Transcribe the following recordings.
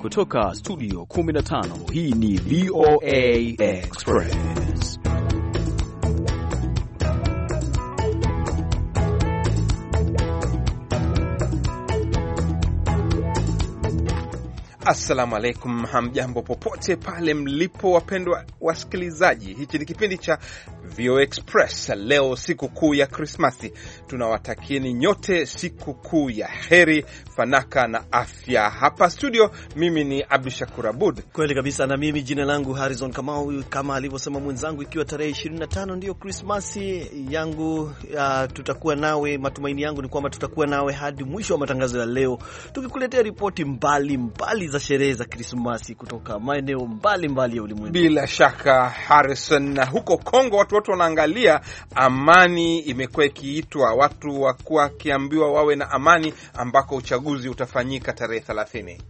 Kutoka studio 15 hii ni VOA Express. Assalamu alaikum, hamjambo popote pale mlipo, wapendwa wasikilizaji. Hichi ni kipindi cha VOA Express leo, siku kuu ya Krismasi. Tunawatakieni nyote siku kuu ya heri, fanaka na afya. Hapa studio, mimi ni Abdu Shakur Abud. Kweli kabisa, na mimi jina langu Harrison Kamau, kama alivyosema mwenzangu, ikiwa tarehe 25 ndiyo Krismasi yangu. Uh, tutakuwa nawe, matumaini yangu ni kwamba tutakuwa nawe hadi mwisho wa matangazo ya leo, tukikuletea ripoti mbalimbali za sherehe za Krismasi kutoka maeneo mbalimbali ya ulimwengu. Bila shaka Harrison, na huko Kongo watu watoto wanaangalia, amani imekuwa ikiitwa, watu wakuwa wakiambiwa wawe na amani, ambako uchaguzi utafanyika tarehe thelathini.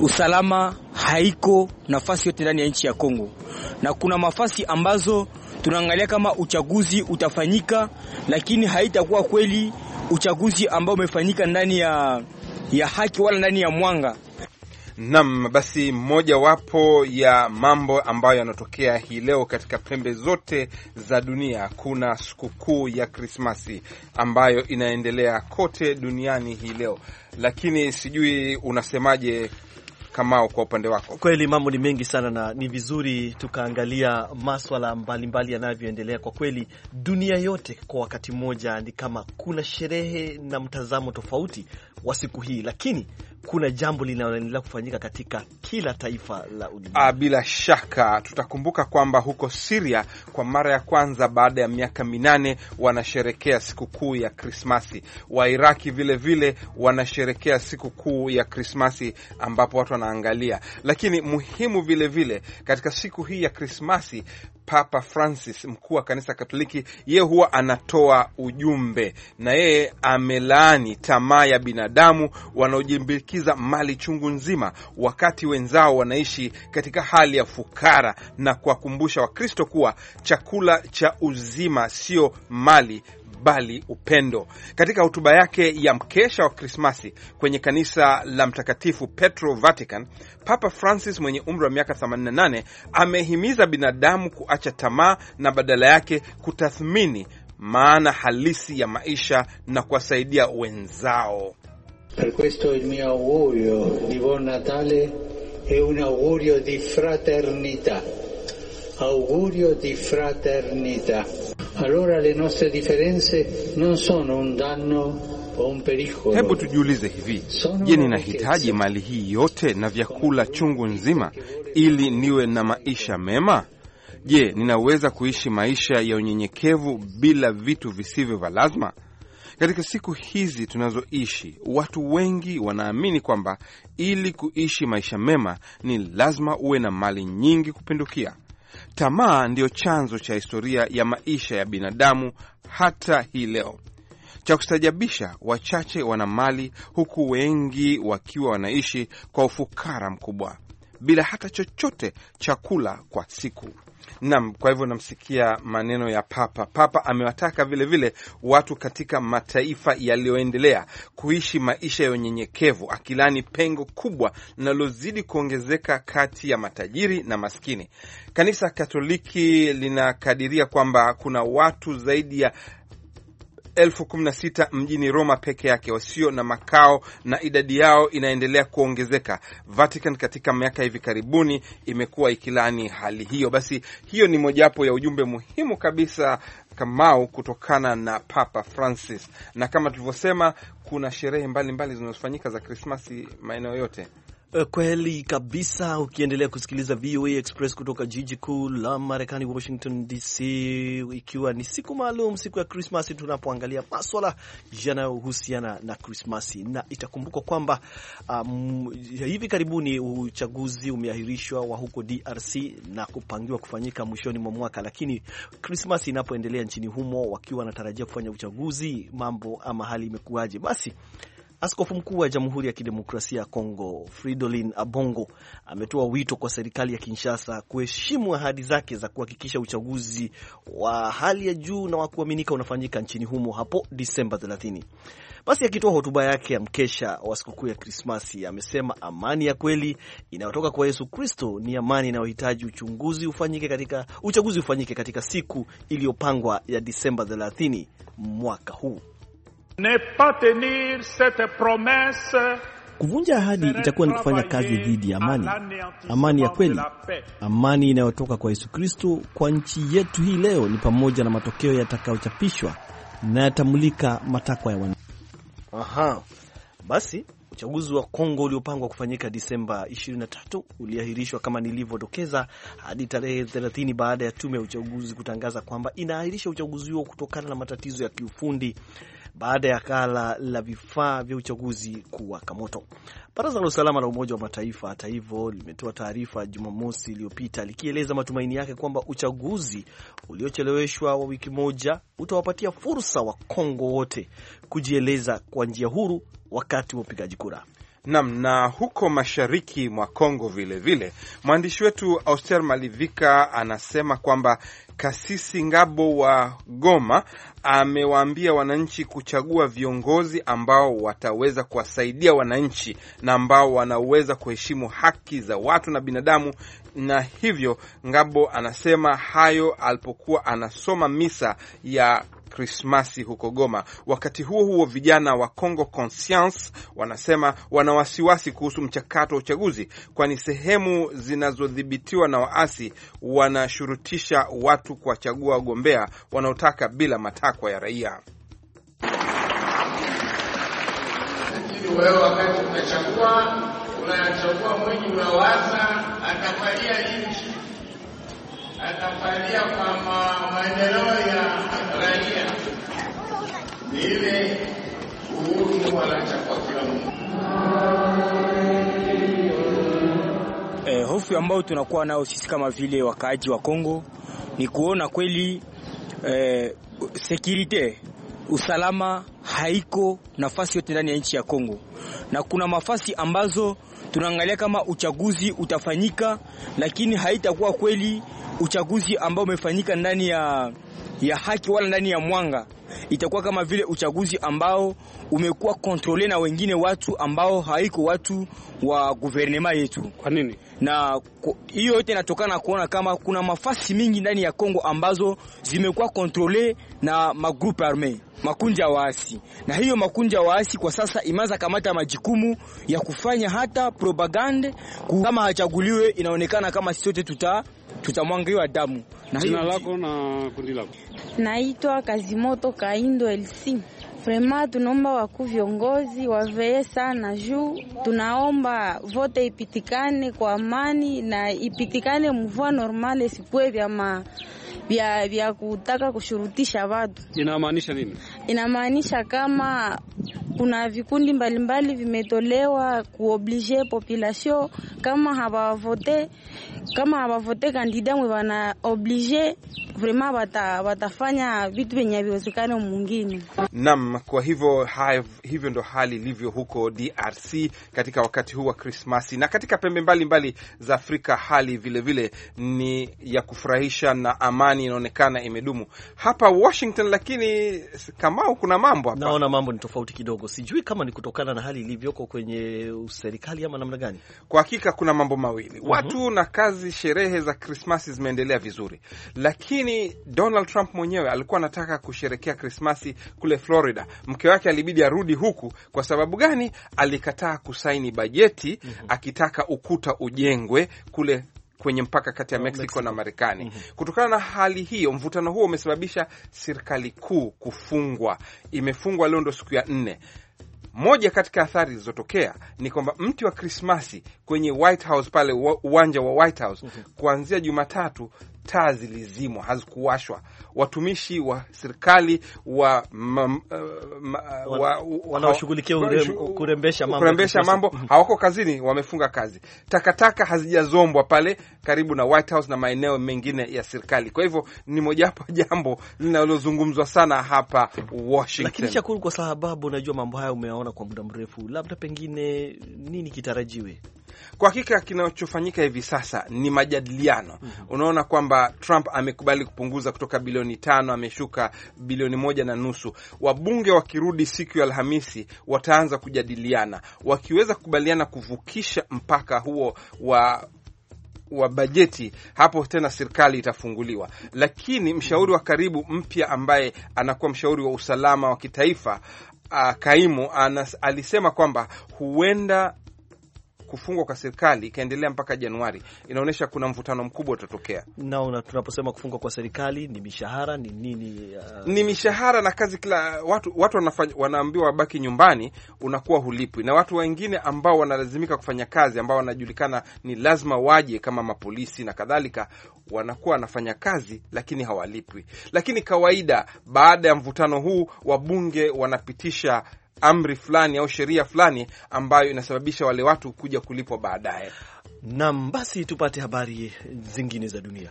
Usalama haiko nafasi yote ndani ya nchi ya Kongo, na kuna mafasi ambazo tunaangalia kama uchaguzi utafanyika, lakini haitakuwa kweli uchaguzi ambao umefanyika ndani ya, ya haki wala ndani ya mwanga. Nam, basi mojawapo ya mambo ambayo yanatokea hii leo katika pembe zote za dunia, kuna sikukuu ya Krismasi ambayo inaendelea kote duniani hii leo, lakini sijui unasemaje Kamao, kwa upande wako, kweli mambo ni mengi sana, na ni vizuri tukaangalia maswala mbalimbali yanavyoendelea. Kwa kweli dunia yote kwa wakati mmoja, ni kama kuna sherehe na mtazamo tofauti wa siku hii, lakini kuna jambo linaloendelea kufanyika katika kila taifa la ulimwengu. Ah, bila shaka tutakumbuka kwamba huko Siria kwa mara ya kwanza baada ya miaka minane wanasherekea sikukuu ya Krismasi. Wairaki vilevile wanasherekea sikukuu ya Krismasi ambapo watu wanaangalia, lakini muhimu vilevile vile, katika siku hii ya Krismasi Papa Francis, mkuu wa kanisa Katoliki, yeye huwa anatoa ujumbe, na yeye amelaani tamaa ya binadamu wanaojimbikiza mali chungu nzima, wakati wenzao wanaishi katika hali ya fukara, na kuwakumbusha Wakristo kuwa chakula cha uzima sio mali bali upendo. Katika hotuba yake ya mkesha wa Krismasi kwenye kanisa la Mtakatifu Petro Vatican, Papa Francis mwenye umri wa miaka 88 amehimiza binadamu kuacha tamaa na badala yake kutathmini maana halisi ya maisha na kuwasaidia wenzao. Per questo il mio augurio di buon Natale e un augurio di fraternita augurio di allora le nostre differenze non sono un danno Hebu tujiulize hivi, je, ninahitaji mali hii yote na vyakula chungu nzima ili niwe na maisha mema? Je, ninaweza kuishi maisha ya unyenyekevu bila vitu visivyo vya lazima? Katika siku hizi tunazoishi, watu wengi wanaamini kwamba ili kuishi maisha mema ni lazima uwe na mali nyingi kupindukia. Tamaa ndiyo chanzo cha historia ya maisha ya binadamu hata hii leo. Cha kustajabisha, wachache wana mali huku wengi wakiwa wanaishi kwa ufukara mkubwa bila hata chochote cha kula kwa siku. Naam, kwa hivyo namsikia maneno ya Papa. Papa amewataka vilevile watu katika mataifa yaliyoendelea kuishi maisha ya unyenyekevu, akilani pengo kubwa linalozidi kuongezeka kati ya matajiri na maskini. Kanisa Katoliki linakadiria kwamba kuna watu zaidi ya elfu kumi na sita mjini Roma peke yake wasio na makao na idadi yao inaendelea kuongezeka. Vatican katika miaka hivi karibuni imekuwa ikilani hali hiyo. Basi hiyo ni mojawapo ya ujumbe muhimu kabisa Kamau kutokana na Papa Francis, na kama tulivyosema, kuna sherehe mbalimbali zinazofanyika za Krismasi maeneo yote. Eh, kweli kabisa. Ukiendelea kusikiliza VOA Express kutoka jiji kuu la Marekani, Washington DC, ikiwa ni siku maalum, siku ya Krismasi, tunapoangalia maswala yanayohusiana na Krismasi na itakumbukwa kwamba um, hivi karibuni uchaguzi umeahirishwa wa huko DRC na kupangiwa kufanyika mwishoni mwa mwaka, lakini Krismasi inapoendelea nchini humo, wakiwa wanatarajia kufanya uchaguzi, mambo ama hali imekuwaje? Basi Askofu mkuu wa Jamhuri ya Kidemokrasia ya Kongo Fridolin Abongo ametoa wito kwa serikali ya Kinshasa kuheshimu ahadi zake za kuhakikisha uchaguzi wa hali ya juu na wa kuaminika unafanyika nchini humo hapo Disemba 30. Basi akitoa ya hotuba yake ya mkesha wa sikukuu ya Krismasi amesema amani ya kweli inayotoka kwa Yesu Kristo ni amani inayohitaji uchunguzi ufanyike katika uchaguzi ufanyike katika siku iliyopangwa ya Disemba 30 mwaka huu. Ne pas tenir cette promesse Kuvunja ahadi itakuwa ni kufanya kazi dhidi ya amani, amani ya kweli, amani inayotoka kwa Yesu Kristo kwa nchi yetu hii leo. Ni pamoja na matokeo yatakayochapishwa na yatamulika matakwa ya wana. Aha, basi uchaguzi wa Kongo uliopangwa kufanyika Disemba 23 uliahirishwa kama nilivyodokeza hadi tarehe 30 baada ya tume ya uchaguzi kutangaza kwamba inaahirisha uchaguzi huo kutokana na matatizo ya kiufundi baada ya kala la vifaa vya uchaguzi kuwaka moto. Baraza la usalama la Umoja wa Mataifa hata hivyo limetoa taarifa Jumamosi iliyopita likieleza matumaini yake kwamba uchaguzi uliocheleweshwa wa wiki moja utawapatia fursa wa Kongo wote kujieleza kwa njia huru wakati wa upigaji kura. Nam na huko mashariki mwa Kongo vilevile, mwandishi wetu Auster Malivika anasema kwamba Kasisi Ngabo wa Goma amewaambia wananchi kuchagua viongozi ambao wataweza kuwasaidia wananchi na ambao wanaweza kuheshimu haki za watu na binadamu. Na hivyo Ngabo anasema hayo alipokuwa anasoma misa ya Krismasi huko Goma. Wakati huo huo, vijana wa Congo Conscience wanasema wana wasiwasi kuhusu mchakato wa uchaguzi, kwani sehemu zinazodhibitiwa na waasi wanashurutisha watu kuwachagua wagombea wanaotaka bila matakwa ya raia. wewe wakati unachagua, unachagua mwenye unawaza atafalia nchi kwa maendeleo ya raia ni ile uhuru kwa kila mtu. Eh, hofu ambayo tunakuwa nayo sisi kama vile wakaaji wa Kongo ni kuona kweli eh, sekirite usalama haiko nafasi yote ndani ya nchi ya Kongo, na kuna mafasi ambazo tunaangalia kama uchaguzi utafanyika, lakini haitakuwa kweli uchaguzi ambao umefanyika ndani ya, ya haki wala ndani ya mwanga, itakuwa kama vile uchaguzi ambao umekuwa kontrole na wengine watu ambao haiko watu wa guvernema yetu. Kwa nini? Na hiyo yote inatokana na kuona kama kuna mafasi mingi ndani ya Kongo ambazo zimekuwa kontrole na magrupu arme makundi ya waasi, na hiyo makundi ya waasi kwa sasa imaza kamata majukumu ya kufanya hata propaganda. Kama hachaguliwe, inaonekana kama sote tuta tutamwangiwa damu. Na jina lako na kundi lako? Naitwa Kazimoto Kaindo LC. Vrema tunaomba waku viongozi waveye sana juu, tunaomba vote ipitikane kwa amani na ipitikane mvua normale, sikuwe vya ma vya, vya kutaka kushurutisha watu. Inamaanisha nini? Inamaanisha kama kuna vikundi mbalimbali vimetolewa kuoblige population kama hawavote kama hawavote kandida mwe wana oblige vrema wata, watafanya vitu vyenye viwezekane mwingine. nam kwa hivyo hivyo ndo hali ilivyo huko DRC katika wakati huu wa Krismasi na katika pembe mbalimbali mbali za Afrika hali vilevile vile ni ya kufurahisha na amani Marekani inaonekana imedumu hapa Washington. Lakini Kamau, kuna mambo hapa naona mambo ni tofauti kidogo, sijui kama ni kutokana na hali ilivyoko kwenye serikali ama namna gani. Kwa hakika kuna mambo mawili, mhm. watu uhum, na kazi. Sherehe za Krismasi zimeendelea vizuri, lakini Donald Trump mwenyewe alikuwa anataka kusherekea Krismasi kule Florida. Mke wake alibidi arudi huku. Kwa sababu gani? Alikataa kusaini bajeti, uhum, akitaka ukuta ujengwe kule kwenye mpaka kati ya Mexico, na Marekani. mm -hmm. Kutokana na hali hiyo, mvutano huo umesababisha serikali kuu kufungwa. Imefungwa leo ndo siku ya nne. Moja katika athari zilizotokea ni kwamba mti wa Krismasi kwenye White House pale uwanja wa White House mhm. kuanzia Jumatatu taa zilizimwa, hazikuwashwa. Watumishi wa serikali wa uh, uh, wanaoshughulikia kurembesha mambo, kurembesha mambo hawako kazini, wamefunga kazi. Takataka hazijazombwa pale karibu na White House na maeneo mengine ya serikali. Kwa hivyo ni mojawapo jambo linalozungumzwa sana hapa Washington, lakini Shakuru, kwa sababu unajua mambo haya umeyaona kwa muda mrefu, labda pengine nini kitarajiwe kwa hakika kinachofanyika hivi sasa ni majadiliano. mm -hmm. Unaona kwamba Trump amekubali kupunguza kutoka bilioni tano ameshuka bilioni moja na nusu. Wabunge wakirudi siku ya Alhamisi wataanza kujadiliana, wakiweza kukubaliana kuvukisha mpaka huo wa wa bajeti, hapo tena serikali itafunguliwa. Lakini mshauri wa karibu mpya ambaye anakuwa mshauri wa usalama wa kitaifa, ah, kaimu anas, alisema kwamba huenda kufungwa kwa serikali ikaendelea mpaka Januari, inaonyesha kuna mvutano mkubwa utatokea. Na tunaposema kufungwa kwa serikali ni mishahara ni nini? Uh... ni mishahara na kazi, kila watu watu wanafanya, wanaambiwa wabaki nyumbani, unakuwa hulipwi, na watu wengine ambao wanalazimika kufanya kazi, ambao wanajulikana ni lazima waje, kama mapolisi na kadhalika, wanakuwa wanafanya kazi lakini hawalipwi. Lakini kawaida, baada ya mvutano huu, wabunge wanapitisha amri fulani au sheria fulani ambayo inasababisha wale watu kuja kulipwa baadaye. Nam, basi tupate habari zingine za dunia.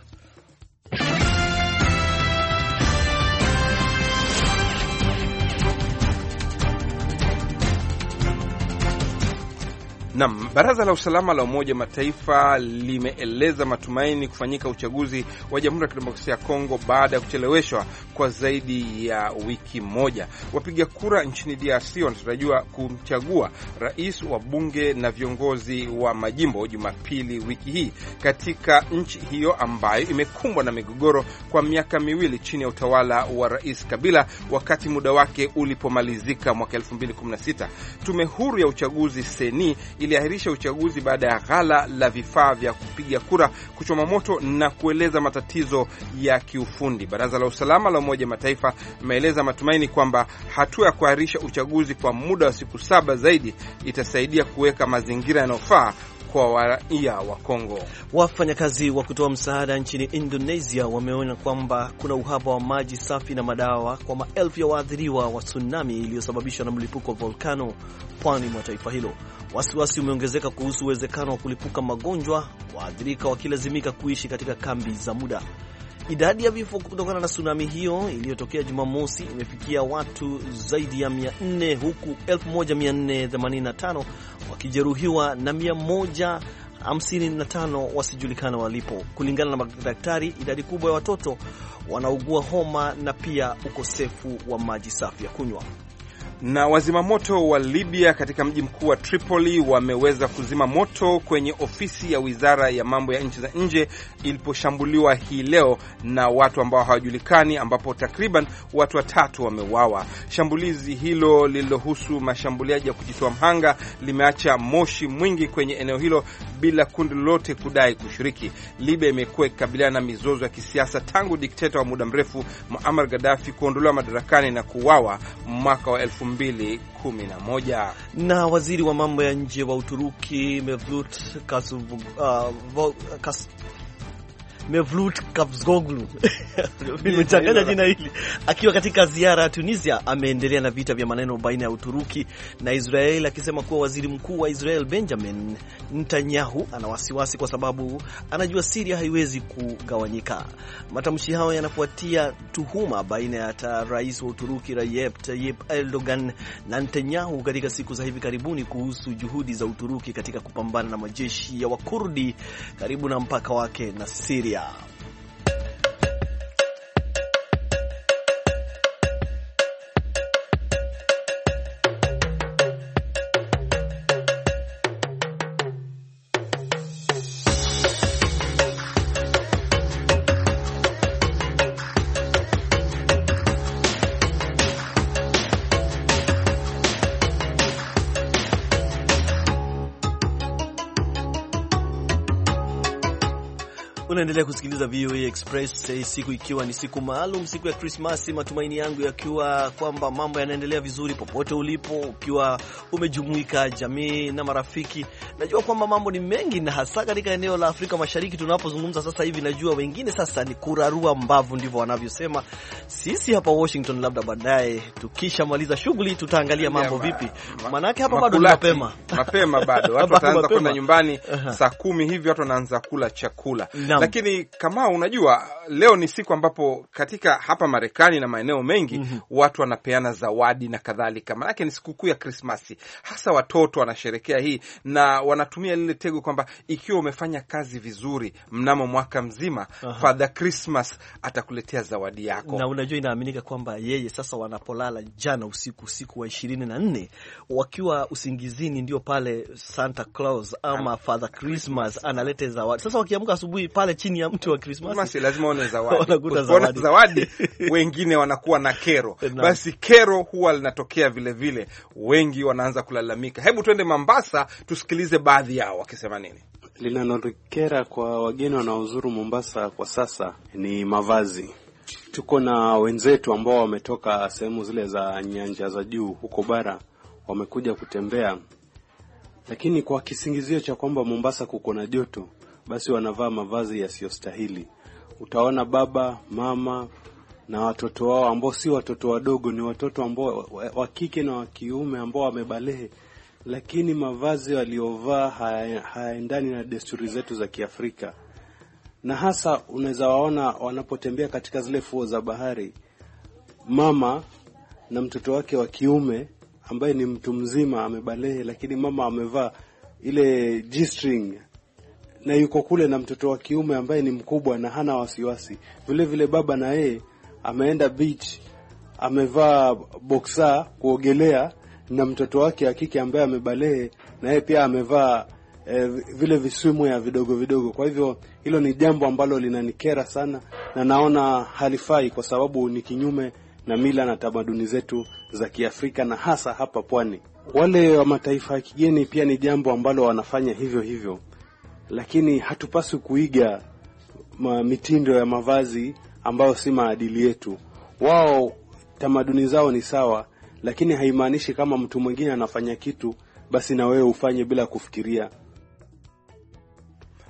Nam, baraza la usalama la Umoja wa Mataifa limeeleza matumaini kufanyika uchaguzi wa Jamhuri ya Kidemokrasia ya Kongo baada ya kucheleweshwa kwa zaidi ya wiki moja. Wapiga kura nchini DRC wanatarajiwa kumchagua rais wa bunge na viongozi wa majimbo Jumapili wiki hii katika nchi hiyo ambayo imekumbwa na migogoro kwa miaka miwili chini ya utawala wa Rais Kabila wakati muda wake ulipomalizika mwaka 2016. Tume huru ya uchaguzi seni iliahirisha uchaguzi baada ya ghala la vifaa vya kupiga kura kuchoma moto na kueleza matatizo ya kiufundi. Baraza la usalama la Umoja Mataifa imeeleza matumaini kwamba hatua ya kuahirisha uchaguzi kwa muda wa siku saba zaidi itasaidia kuweka mazingira yanayofaa kwa waraia wa Kongo. Wafanyakazi wa kutoa msaada nchini Indonesia wameona kwamba kuna uhaba wa maji safi na madawa kwa maelfu ya waathiriwa wa tsunami iliyosababishwa na mlipuko wa volkano pwani mwa taifa hilo. Wasiwasi umeongezeka kuhusu uwezekano wa kulipuka magonjwa, waathirika wakilazimika kuishi katika kambi za muda. Idadi ya vifo kutokana na tsunami hiyo iliyotokea Jumamosi imefikia watu zaidi ya 400 huku 1485 wakijeruhiwa na 155 wasijulikana walipo. Kulingana na madaktari, idadi kubwa ya watoto wanaugua homa na pia ukosefu wa maji safi ya kunywa. Na wazima moto wa Libya katika mji mkuu wa Tripoli wameweza kuzima moto kwenye ofisi ya wizara ya mambo ya nchi za nje iliposhambuliwa hii leo na watu ambao hawajulikani, ambapo takriban watu watatu wameuawa. Shambulizi hilo lililohusu mashambuliaji ya kujitoa mhanga limeacha moshi mwingi kwenye eneo hilo bila kundi lolote kudai kushiriki. Libya imekuwa ikikabiliana na mizozo ya kisiasa tangu dikteta wa muda mrefu Muammar Gaddafi kuondolewa madarakani na kuuawa mwaka wa elfu 2011. Na waziri wa mambo ya nje wa Uturuki Mevlut uh, Mevlut Kavzoglu nimechanganya jina hili, akiwa katika ziara ya Tunisia, ameendelea na vita vya maneno baina ya Uturuki na Israel, akisema kuwa waziri mkuu wa Israel Benjamin Netanyahu ana wasiwasi kwa sababu anajua Siria haiwezi kugawanyika. Matamshi hayo yanafuatia tuhuma baina ya rais wa Uturuki Recep Tayyip Erdogan na Netanyahu katika siku za hivi karibuni kuhusu juhudi za Uturuki katika kupambana na majeshi ya Wakurdi karibu na mpaka wake na Siria. Yeah. Unaendelea kusikiliza VOA Express, eh, siku ikiwa ni siku maalum, siku ya Krismasi, matumaini yangu yakiwa kwamba mambo yanaendelea vizuri popote ulipo, ukiwa umejumuika jamii na marafiki. Najua kwamba mambo ni mengi, na hasa katika eneo la Afrika Mashariki tunapozungumza sasa hivi. Najua wengine sasa ni kurarua mbavu, ndivyo wanavyosema. Sisi hapa Washington, labda baadaye tukishamaliza shughuli tutaangalia mambo vipi, maanake hapa bado mapema mapema, bado watu wataanza kwenda nyumbani saa kumi hivi, watu wanaanza kula chakula na Naam. Lakini kama unajua leo ni siku ambapo katika hapa Marekani na maeneo mengi mm -hmm. watu wanapeana zawadi na kadhalika, maanake ni sikukuu ya Krismasi, hasa watoto wanasherekea hii na wanatumia lile tego kwamba ikiwa umefanya kazi vizuri mnamo mwaka mzima Father Christmas atakuletea zawadi yako, na unajua inaaminika kwamba yeye sasa, wanapolala jana usiku, usiku wa ishirini na nne wakiwa usingizini, ndio pale Santa Claus ama Father Christmas analete zawadi. Sasa wakiamka asubuhi pale pale chini ya mtu wa Krismasi lazima one zawadi. zawadi. zawadi wengine wanakuwa na kero na. Basi kero huwa linatokea vilevile, wengi wanaanza kulalamika. Hebu tuende Mombasa tusikilize baadhi yao wakisema nini. Linalokera kwa wageni wanaozuru Mombasa kwa sasa ni mavazi. Tuko na wenzetu ambao wametoka sehemu zile za nyanja za juu huko bara, wamekuja kutembea, lakini kwa kisingizio cha kwamba Mombasa kuko na joto, basi wanavaa mavazi yasiyostahili. Utaona baba, mama na watoto wao ambao si watoto wadogo, ni watoto ambao wa kike na wa kiume ambao wamebalehe, lakini mavazi waliovaa hayaendani na desturi zetu za Kiafrika, na hasa unaweza waona wanapotembea katika zile fuo za bahari, mama na mtoto wake wa kiume ambaye ni mtu mzima amebalehe, lakini mama amevaa ile G-string na yuko kule na mtoto wa kiume ambaye ni mkubwa na hana wasiwasi. Vile vile baba na yeye ameenda beach, amevaa boksa kuogelea na mtoto wake wa kike ambaye amebalehe na yeye pia amevaa eh, vile viswimu ya vidogo vidogo. Kwa hivyo hilo ni jambo ambalo linanikera sana na naona halifai, kwa sababu ni kinyume na mila na tamaduni zetu za Kiafrika na hasa hapa pwani. Wale wa mataifa ya kigeni pia ni jambo ambalo wanafanya hivyo hivyo lakini hatupaswi kuiga mitindo ya mavazi ambayo si maadili yetu. Wao tamaduni zao ni sawa, lakini haimaanishi kama mtu mwingine anafanya kitu basi na wewe ufanye bila kufikiria.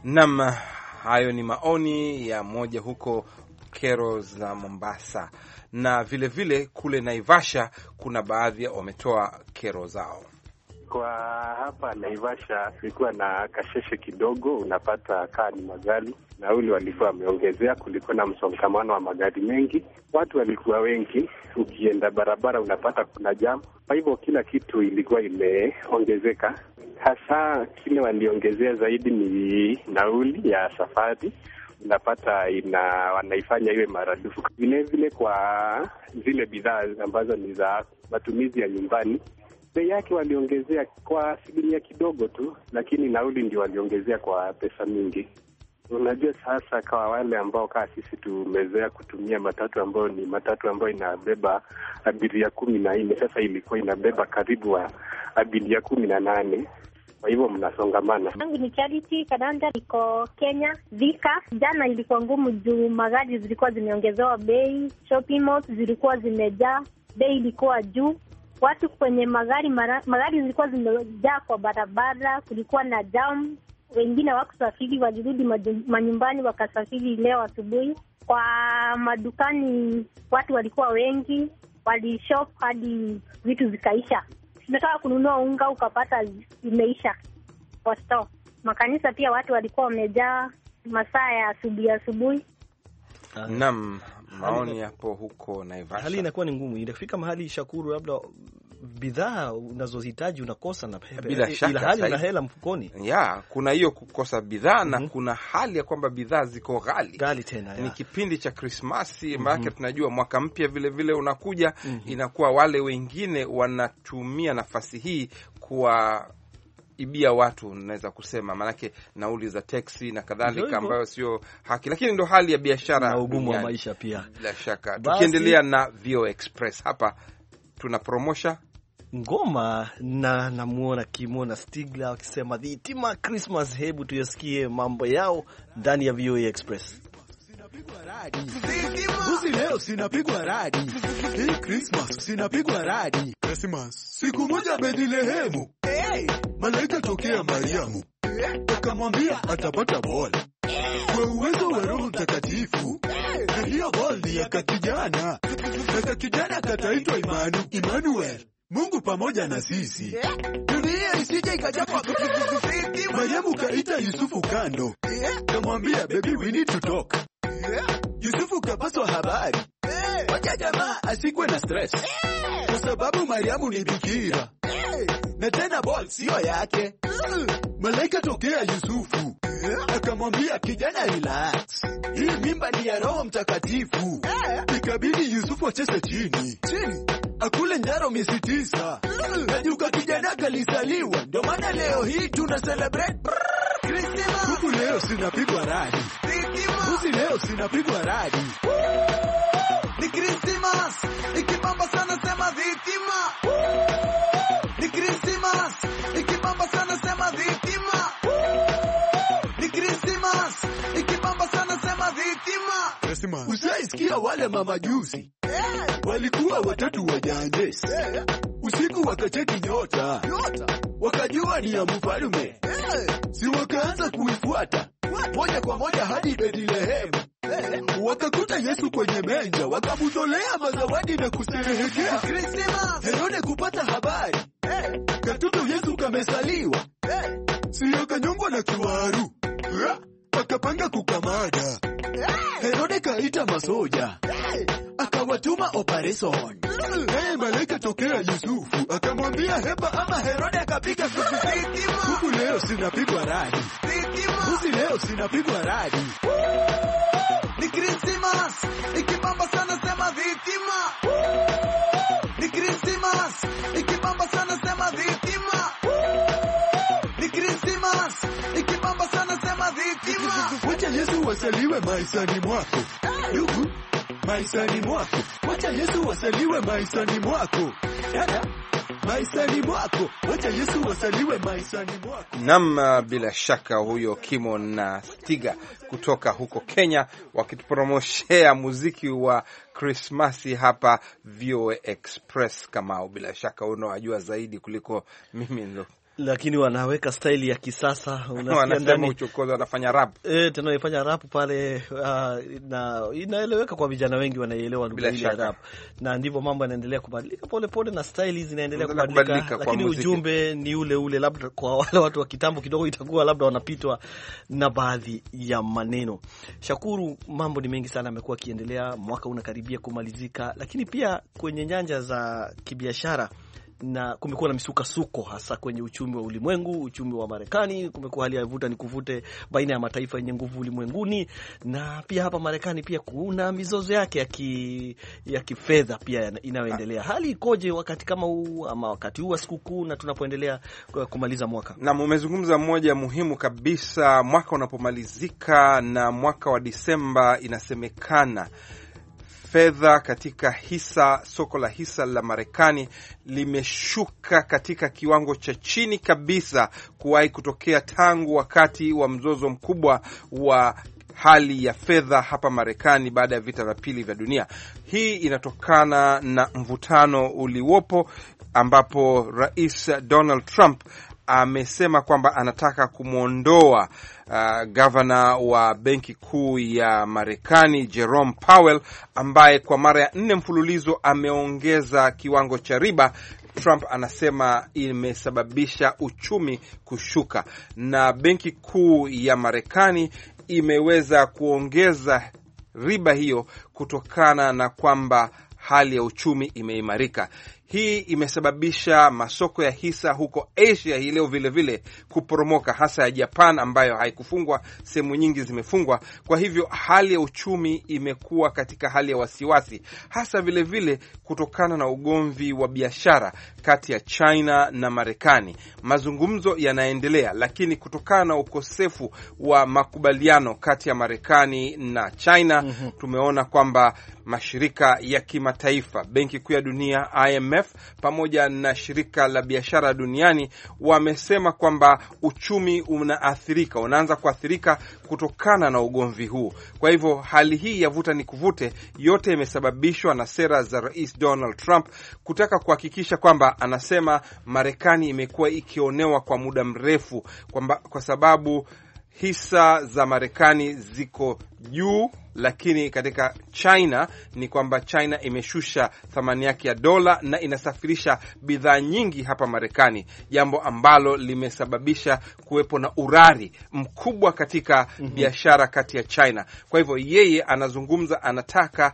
Naam, hayo ni maoni ya moja huko kero za Mombasa, na vilevile vile kule Naivasha kuna baadhi wametoa kero zao. Kwa hapa Naivasha kulikuwa na kasheshe kidogo, unapata kaa ni magari nauli walikuwa wameongezea, kulikuwa na msongamano wa magari mengi, watu walikuwa wengi, ukienda barabara unapata kuna jamu. Kwa hivyo kila kitu ilikuwa imeongezeka, hasa kile waliongezea zaidi ni nauli ya safari unapata ina wanaifanya iwe maradufu. Vilevile kwa zile bidhaa ambazo ni za matumizi ya nyumbani, bei yake waliongezea kwa asilimia kidogo tu, lakini nauli ndio waliongezea kwa pesa mingi. Unajua, sasa kwa wale ambao kaa sisi tumezoea kutumia matatu ambayo ni matatu ambayo inabeba abiria kumi na nne, sasa ilikuwa inabeba karibu wa abiria kumi na nane. Kwa hivyo mnasongamana. Yangu ni Charity Kadanja, niko Kenya. Vika jana ilikuwa ngumu juu magari zilikuwa zimeongezewa bei, shopping malls zilikuwa zimejaa, bei ilikuwa juu watu kwenye magari mara, magari zilikuwa zimejaa kwa barabara, kulikuwa na jam. Wengine wakusafiri walirudi manyumbani wakasafiri leo asubuhi. Kwa madukani watu walikuwa wengi, walishop hadi vitu zikaisha. Unataka kununua unga ukapata imeisha kwa store. Makanisa pia watu walikuwa wamejaa masaa ya asubuhi asubuhi. Naam, maoni yapo huko Naivasha, hali inakuwa ni ngumu, inafika mahali Shakuru, labda bidhaa unazohitaji unakosa na bila shaka, ila hali na hela mfukoni ya, kuna hiyo kukosa bidhaa mm -hmm. na mhm. kuna hali ya kwamba bidhaa ziko ghali ghali tena ya. Ni kipindi cha Krismasi maanake mm -hmm. tunajua mwaka mpya vilevile unakuja mm -hmm. inakuwa wale wengine wanatumia nafasi hii kuwa ibia watu naweza kusema, maanake nauli za teksi na kadhalika, ambayo sio haki, lakini ndo hali ya biashara na ugumu wa maisha pia, bila shaka. Tukiendelea na Vio Express hapa tuna promosha ngoma na namuona Kimona Stigla wakisema the Itima Christmas. Hebu tuyasikie mambo yao ndani ya VOA Express sinapigwa radi. leo sinapigwa radi. Hii Christmas sinapigwa radi. Christmas. Siku moja Bethlehemu. Hey. Malaika tokea Mariamu. Akamwambia atapata bola. Kwa uwezo wa Roho Mtakatifu. Na hiyo bol ni ya kakijana. Kakijana kataitwa Imanu, Emmanuel. Mungu pamoja na sisi. Dunia isije ikajaa Mariamu kaita Yusufu kando. Kamwambia baby we need to talk. Yusufu kapaswa habari, wacha jamaa asikwe na stress, kwa sababu Mariamu ni bikira na tena ball siyo yake. Malaika tokea Yusufu akamwambia kijana, relax, hii mimba ni ya Roho Mtakatifu. Ikabidi Yusufu achese chini chini akule njaro miezi tisa. Najuka kijana kalizaliwa, ndo maana leo hii tuna celebrate huku leo sinapigwa rahi matusi leo sinapigwa radi ni Christmas ikibamba sana, sema dhitima ni Christmas ikibamba sana, sema dhitima ni Christmas ikibamba sana, sema dhitima. Usaisikia wale mamajusi walikuwa watatu wa janjesi usiku wakacheki nyota, wakajua ni ya mfalume, si wakaanza kuifuata moja kwa moja hadi Bethlehemu. Wakakuta Yesu kwenye menja, wakamutolea mazawadi na kuserehekea. Herode kupata habari katoto Yesu kamesaliwa, siyo kanyongwa na kiwaru wakapanga kukamada. Herode kaita masoja akawatuma operation. Hey, malaika tokea Yusufu akamwambia hepa ama Herode akapika huku, leo sinapigwa radi uzi, leo sinapigwa radi ni Krismas ikipamba sana, sema vitima ni Krismas Yesu wasaliwe maishani mwako ndugu, maishani mwako. Wacha Yesu wasaliwe maishani mwako dada, maishani mwako. Wacha Yesu wasaliwe maishani mwako. Nam, uh, bila shaka huyo Kimo na Stiga kutoka huko Kenya wakitupromoshea muziki wa Krismasi hapa VOA Express. Kamao, bila shaka unawajua zaidi kuliko mimi ndo lakini wanaweka staili ya kisasa, unasikia uchokozi, wanafanya rap eh, tena wanafanya rap pale uh, na inaeleweka kwa vijana wengi, wanaielewa lugha ile ya rap, na ndivyo mambo yanaendelea kubadilika pole pole, na staili zinaendelea kubadilika, lakini ujumbe ni ule ule. Labda kwa wale watu wa kitambo kidogo itakuwa labda wanapitwa na baadhi ya maneno. Shakuru, mambo ni mengi sana yamekuwa akiendelea, mwaka unakaribia kumalizika, lakini pia kwenye nyanja za kibiashara na kumekuwa na misukasuko hasa kwenye uchumi wa ulimwengu, uchumi wa Marekani. Kumekuwa hali ya vuta ni kuvute baina ya mataifa yenye nguvu ulimwenguni, na pia hapa Marekani pia kuna mizozo yake ya ki, ya kifedha pia inayoendelea. Hali ikoje wakati kama huu ama wakati huu wa sikukuu na tunapoendelea uh, kumaliza mwaka? Na umezungumza moja muhimu kabisa, mwaka unapomalizika na mwaka wa Disemba inasemekana fedha katika hisa, soko la hisa la Marekani limeshuka katika kiwango cha chini kabisa kuwahi kutokea tangu wakati wa mzozo mkubwa wa hali ya fedha hapa Marekani baada ya vita vya pili vya dunia. Hii inatokana na mvutano uliopo ambapo Rais Donald Trump amesema kwamba anataka kumwondoa uh, gavana wa benki kuu ya Marekani Jerome Powell ambaye kwa mara ya nne mfululizo ameongeza kiwango cha riba. Trump anasema imesababisha uchumi kushuka, na benki kuu ya Marekani imeweza kuongeza riba hiyo kutokana na kwamba hali ya uchumi imeimarika. Hii imesababisha masoko ya hisa huko Asia hii leo vilevile kuporomoka, hasa ya Japan ambayo haikufungwa, sehemu nyingi zimefungwa. Kwa hivyo hali ya uchumi imekuwa katika hali ya wasiwasi, hasa vilevile vile kutokana na ugomvi wa biashara kati ya China na Marekani. Mazungumzo yanaendelea, lakini kutokana na ukosefu wa makubaliano kati ya Marekani na China, mhm. tumeona kwamba mashirika ya kimataifa, Benki Kuu ya Dunia, IMF IMF pamoja na shirika la biashara duniani wamesema kwamba uchumi unaathirika, unaanza kuathirika kutokana na ugomvi huu. Kwa hivyo hali hii ya vuta ni kuvute yote imesababishwa na sera za Rais Donald Trump kutaka kuhakikisha kwamba, anasema Marekani imekuwa ikionewa kwa muda mrefu, kwamba kwa sababu hisa za Marekani ziko juu lakini katika China ni kwamba China imeshusha thamani yake ya dola na inasafirisha bidhaa nyingi hapa Marekani, jambo ambalo limesababisha kuwepo na urari mkubwa katika mm -hmm. biashara kati ya China. Kwa hivyo yeye anazungumza, anataka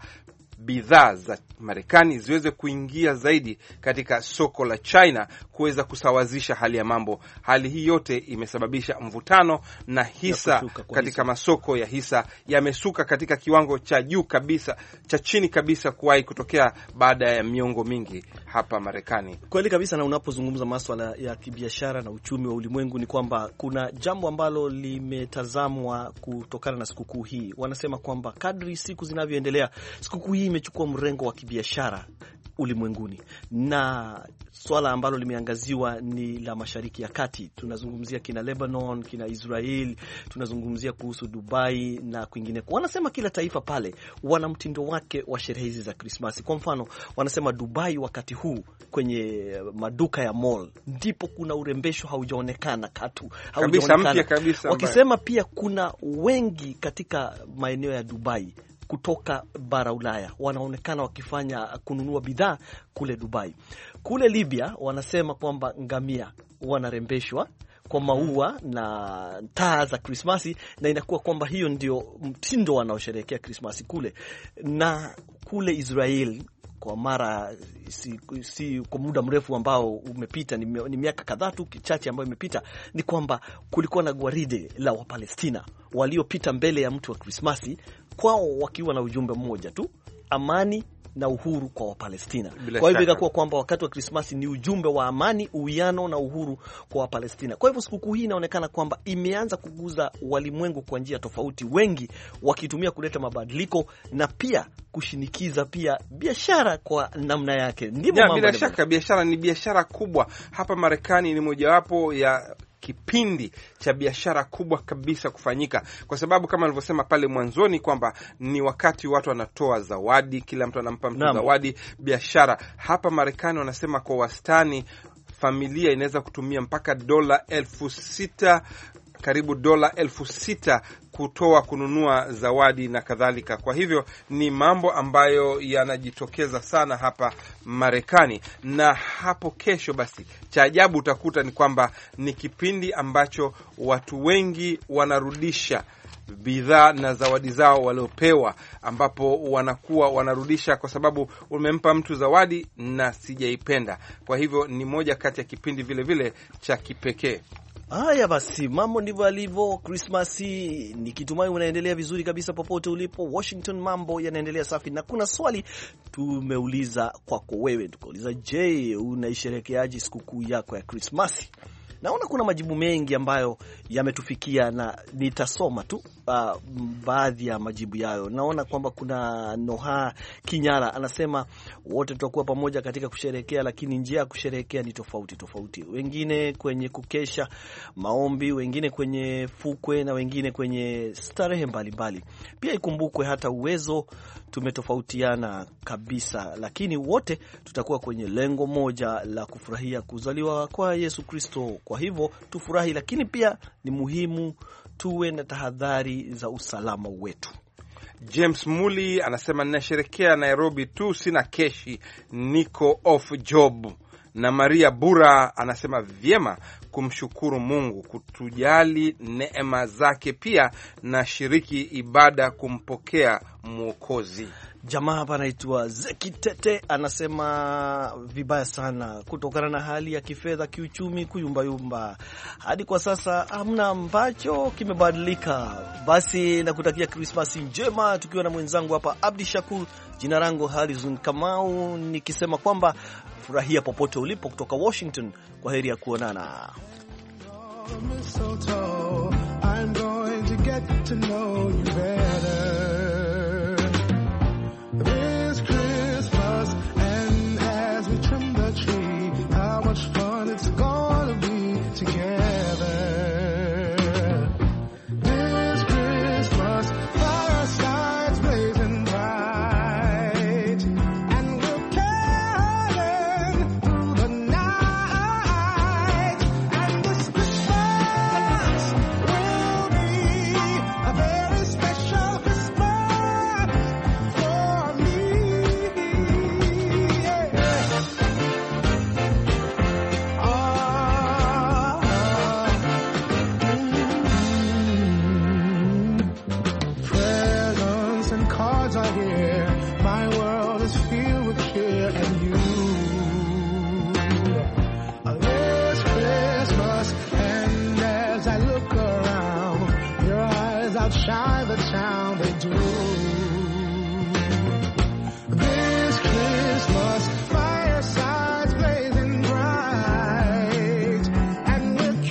bidhaa za Marekani ziweze kuingia zaidi katika soko la China kuweza kusawazisha hali ya mambo. Hali hii yote imesababisha mvutano na hisa katika masoko ya hisa yamesuka katika kiwango cha juu kabisa cha chini kabisa kuwahi kutokea baada ya miongo mingi hapa Marekani. Kweli kabisa, na unapozungumza maswala ya kibiashara na uchumi wa ulimwengu ni kwamba kuna jambo ambalo limetazamwa kutokana na sikukuu hii. Wanasema kwamba kadri siku zinavyoendelea, sikukuu hii imechukua mrengo wa kibiashara ulimwenguni na swala ambalo limeangaziwa ni la Mashariki ya Kati. Tunazungumzia kina Lebanon, kina Israel, tunazungumzia kuhusu Dubai na kwingineko. Wanasema kila taifa pale wana mtindo wake wa sherehe hizi za Krismasi. Kwa mfano, wanasema Dubai wakati huu kwenye maduka ya mall ndipo kuna urembesho haujaonekana katu, haujaonekana kabisa, kabisa. Wakisema pia kuna wengi katika maeneo ya Dubai kutoka bara Ulaya wanaonekana wakifanya kununua bidhaa kule Dubai. Kule Libya wanasema kwamba ngamia wanarembeshwa kwa maua na taa za Krismasi na inakuwa kwamba hiyo ndio mtindo wanaosherehekea Krismasi kule. Na kule israel kwa mara si, si kwa muda mrefu ambao umepita, ni, ni miaka kadhaa tu kichache ambayo imepita, ni kwamba kulikuwa na gwaride la Wapalestina waliopita mbele ya mtu wa Krismasi kwao wakiwa na ujumbe mmoja tu, amani na uhuru kwa Wapalestina. Kwa hivyo ikakuwa kwamba wakati wa Krismasi ni ujumbe wa amani, uwiano na uhuru kwa Wapalestina. Kwa hivyo sikukuu hii inaonekana kwamba imeanza kuguza walimwengu kwa njia tofauti, wengi wakitumia kuleta mabadiliko na pia kushinikiza pia biashara kwa namna yake. Ndivyo mambo bila shaka, biashara ni biashara kubwa hapa Marekani, ni mojawapo ya kipindi cha biashara kubwa kabisa kufanyika, kwa sababu kama alivyosema pale mwanzoni kwamba ni wakati watu wanatoa zawadi, kila mtu anampa mtu zawadi. Biashara hapa Marekani wanasema kwa wastani familia inaweza kutumia mpaka dola elfu sita karibu dola elfu sita kutoa kununua zawadi na kadhalika. Kwa hivyo ni mambo ambayo yanajitokeza sana hapa Marekani. Na hapo kesho, basi cha ajabu utakuta ni kwamba ni kipindi ambacho watu wengi wanarudisha bidhaa na zawadi zao waliopewa, ambapo wanakuwa wanarudisha, kwa sababu umempa mtu zawadi na sijaipenda. Kwa hivyo ni moja kati ya kipindi vilevile cha kipekee. Haya basi, mambo ndivyo yalivyo. Krismasi nikitumai unaendelea vizuri kabisa popote ulipo. Washington mambo yanaendelea safi, na kuna swali tumeuliza kwako wewe, tukauliza, je, unaisherekeaje sikukuu yako ya Krismasi? Naona kuna majibu mengi ambayo yametufikia, na nitasoma tu uh, baadhi ya majibu yayo. Naona kwamba kuna Noha Kinyara anasema wote tutakuwa pamoja katika kusherehekea, lakini njia ya kusherehekea ni tofauti tofauti, wengine kwenye kukesha maombi, wengine kwenye fukwe na wengine kwenye starehe mbalimbali mbali. Pia ikumbukwe hata uwezo tumetofautiana kabisa, lakini wote tutakuwa kwenye lengo moja la kufurahia kuzaliwa kwa Yesu Kristo. Kwa hivyo tufurahi, lakini pia ni muhimu tuwe na tahadhari za usalama wetu. James Muli anasema ninasherekea Nairobi tu, sina keshi, niko off job na Maria Bura anasema vyema kumshukuru Mungu kutujali neema zake, pia na shiriki ibada kumpokea Mwokozi. Jamaa hapa anaitwa Zeki Tete anasema vibaya sana kutokana na hali ya kifedha, kiuchumi kuyumbayumba, hadi kwa sasa hamna ambacho kimebadilika. Basi nakutakia Krismasi njema, tukiwa na mwenzangu hapa Abdi Shakur. Jina langu Harizon Kamau, nikisema kwamba Furahia popote ulipo kutoka Washington. Kwa heri ya kuonana. I'm going to get to know you better.